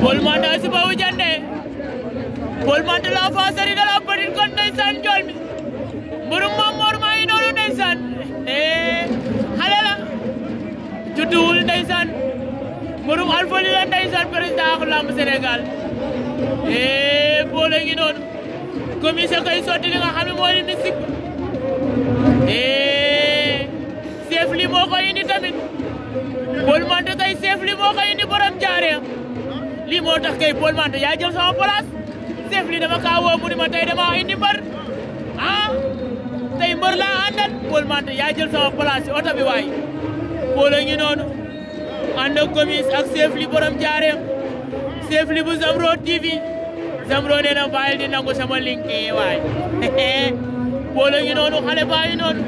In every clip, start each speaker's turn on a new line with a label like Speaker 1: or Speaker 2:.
Speaker 1: Paul Menthe a Sibawou Diandé Paul Menthe l'enfant chéri de la petite Côte ndeysaan Ndiol mi mbërum Mame Mor maa ngi noonu ndeysaan eh, xale la judduwul ndeysaan mbërum Alfoli la ndeysaan président ak lamb Sénégal Paul eh, a ngi noonu commissaire koy sotti li nga xam ne mooy li mystique eh, chef li moo ko indi tamit Paul Menthe tey chef li moo ko indi borom jaareem lii moo tax kay yaa jël sama place chef lii dama kaa woo mu ma tey mbër ah tey mbër laa àndal Paul Menthe yaa jël sama place si oto bi waay Paul a noonu ànd ak ak chef li borom jaareem chef li bu Zambro TV Zambro nee na bàyyil di nangu sama link yi waay Paul a ngi noonu xale baa ngi noonu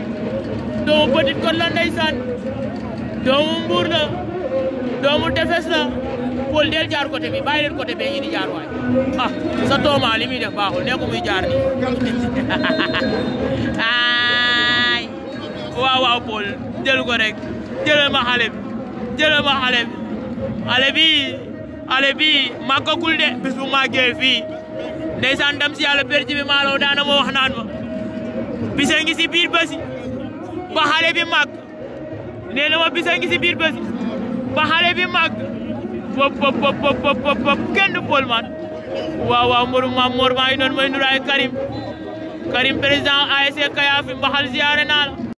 Speaker 1: doomu petit kon la ndeysaan doomu mbuur la doomu Paul del jaar côté bi bàyyi leen côté bee ñu di jaar waay ah sa tooma li muy def baaxul ne ko muy jaar nii ay waaw waaw Paul jël ko rek jëlal ma xale bi jëlal ma xale bi xale bi xale bi màggagul de bis bu màggee si yàlla perji bi maalaw biir basi ba xale bi màgg nee na biir basi ba xale bi pop waa pop pop pop maa ngi doon may nuru ay Karim Karim président ASC e Kayaafi mbaxal ziyaare naa la